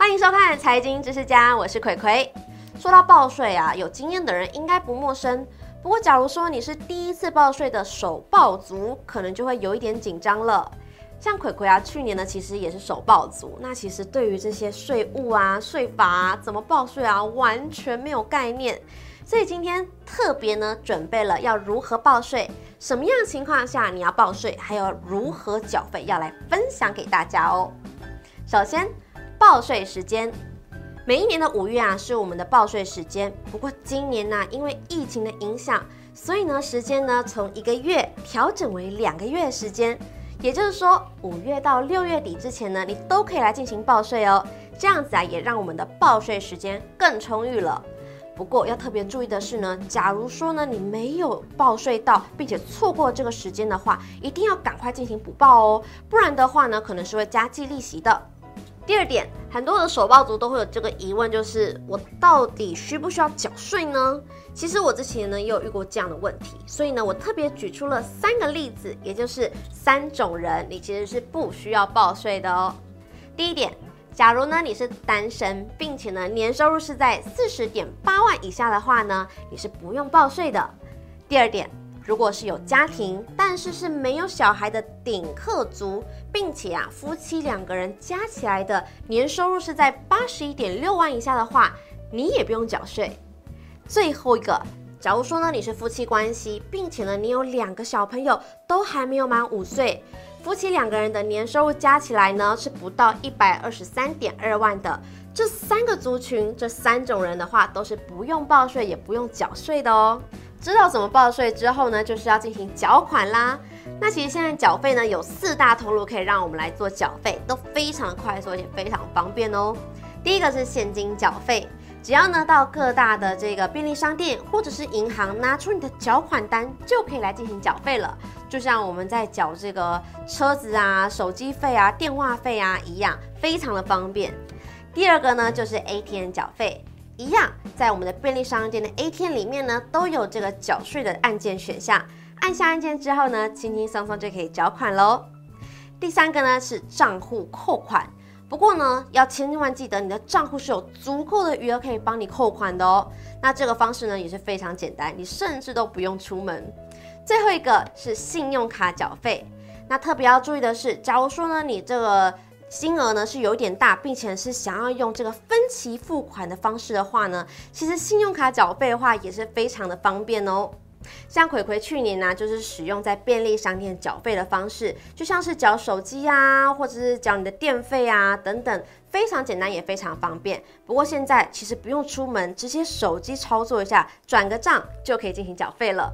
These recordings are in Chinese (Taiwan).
歡迎收看財經知識家，我是奎奎。說到報稅啊，有經驗的人應該不陌生。不過，假如說你是第一次報稅的“首報族”，可能就會有一點緊張了。像奎奎啊，去年呢其實也是首報族，那其實對於這些稅務啊、稅法啊、怎麼報稅啊，完全沒有概念。所以今天特別呢準備了要如何報稅，什麼樣的情況下你要報稅，還有如何繳費，要來分享給大家哦。首先。報稅時間，每一年的五月啊是我們的報稅時間。不過今年呢，啊，因為疫情的影響，所以呢時間呢從一個月調整為兩個月時間。也就是說，五月到六月底之前呢，你都可以來進行報稅哦。這樣子啊，也讓我們的報稅時間更充裕了。不過要特別注意的是呢，假如說呢你沒有報稅到，並且錯過這個時間的話，一定要趕快進行補報哦，不然的話呢，可能是會加計利息的。第二點，很多的首報族，都會有這個疑問，就是我到底需不需要繳稅呢？其實我之前呢也有遇過這樣的問題，所以呢我特別舉出了三個例子，也就是三種人，你其實是不需要報稅的哦。第一點，假如呢你是單身，並且呢年收入是在四十點八萬以下的話呢，你是不用報稅的。第二點。如果是有家庭，但是是沒有小孩的頂客族，並且啊夫妻兩個人加起來的年收入是在八十一點六萬以下的話，你也不用繳稅。最後一個，假如說呢你是夫妻關係，並且呢你有兩個小朋友都還沒有滿五歲，夫妻兩個人的年收入加起來呢是不到一百二十三點二萬的，這三個族群這三種人的話都是不用報稅也不用繳稅的哦。知道怎麼報稅之後呢，就是要進行繳款啦。那其實現在繳費呢有四大通路可以讓我們來做繳費，都非常的快速也非常方便哦。第一個是現金繳費，只要呢到各大的這個便利商店或者是銀行拿出你的繳款單就可以來進行繳費了，就像我們在繳這個車子啊、手機費啊、電話費啊一樣，非常的方便。第二個呢就是 ATM 繳費。一樣，在我們的便利商店的 ATM 裡面呢，都有這個繳稅的按鍵選項。按下按鍵之後呢，輕輕鬆鬆就可以繳款嘍。第三個呢是賬戶扣款，不過呢要千萬記得你的賬戶是有足夠的餘額可以幫你扣款的哦。那這個方式呢也是非常簡單，你甚至都不用出門。最後一個是信用卡繳費，那特別要注意的是，假如說呢你這個。金額呢是有點大，並且是想要用這個分期付款的方式的話呢，其實信用卡繳費的話也是非常的方便哦。像奎奎去年呢、啊、就是使用在便利商店繳費的方式，就像是繳手機啊，或者是繳你的電費啊等等，非常簡單也非常方便。不過現在其實不用出門，直接手機操作一下，轉個賬就可以進行繳費了。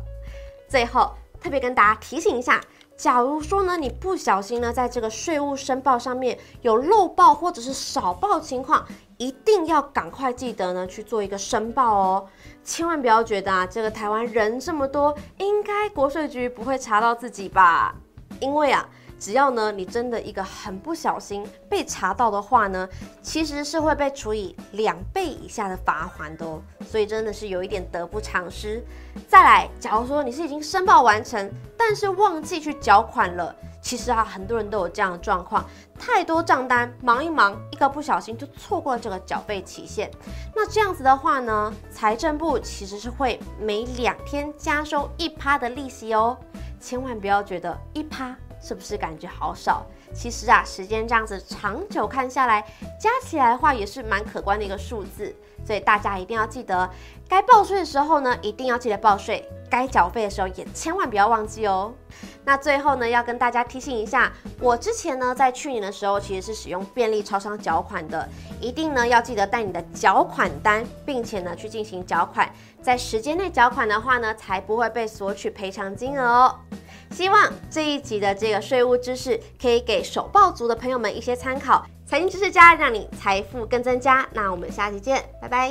最後特別跟大家提醒一下。假如說呢，你不小心呢，在這個稅務申報上面有漏報或者是少報情況，一定要趕快記得呢去做一個申報哦。千萬不要覺得啊，這個台灣人這麼多，應該國稅局不會查到自己吧？因為啊。只要呢，你真的一個很不小心被查到的話呢，其實是會被處以兩倍以下的罰鍰的哦。所以真的是有一點得不償失。再來，假如說你是已經申報完成，但是忘記去繳款了，其實啊，很多人都有這樣的狀況，太多賬單忙一忙，一個不小心就錯過了這個繳費期限。那這樣子的話呢，財政部其實是會每兩天加收一趴的利息哦。千萬不要覺得一趴。是不是感覺好少？其實啊，時間這樣子長久看下來，加起來的話也是蠻可觀的一個數字。所以大家一定要記得，該報稅的時候呢，一定要記得報稅；該繳費的時候也千萬不要忘記哦。那最後呢，要跟大家提醒一下，我之前呢，在去年的時候，其實是使用便利超商繳款的，一定呢要記得帶你的繳款單，並且呢去進行繳款，在時間內繳款的話呢，才不會被索取賠償金額哦。希望這一集的這個稅務知識可以給首報族的朋友們一些參考。財經知識家讓你財富更增加。那我們下期見，拜拜。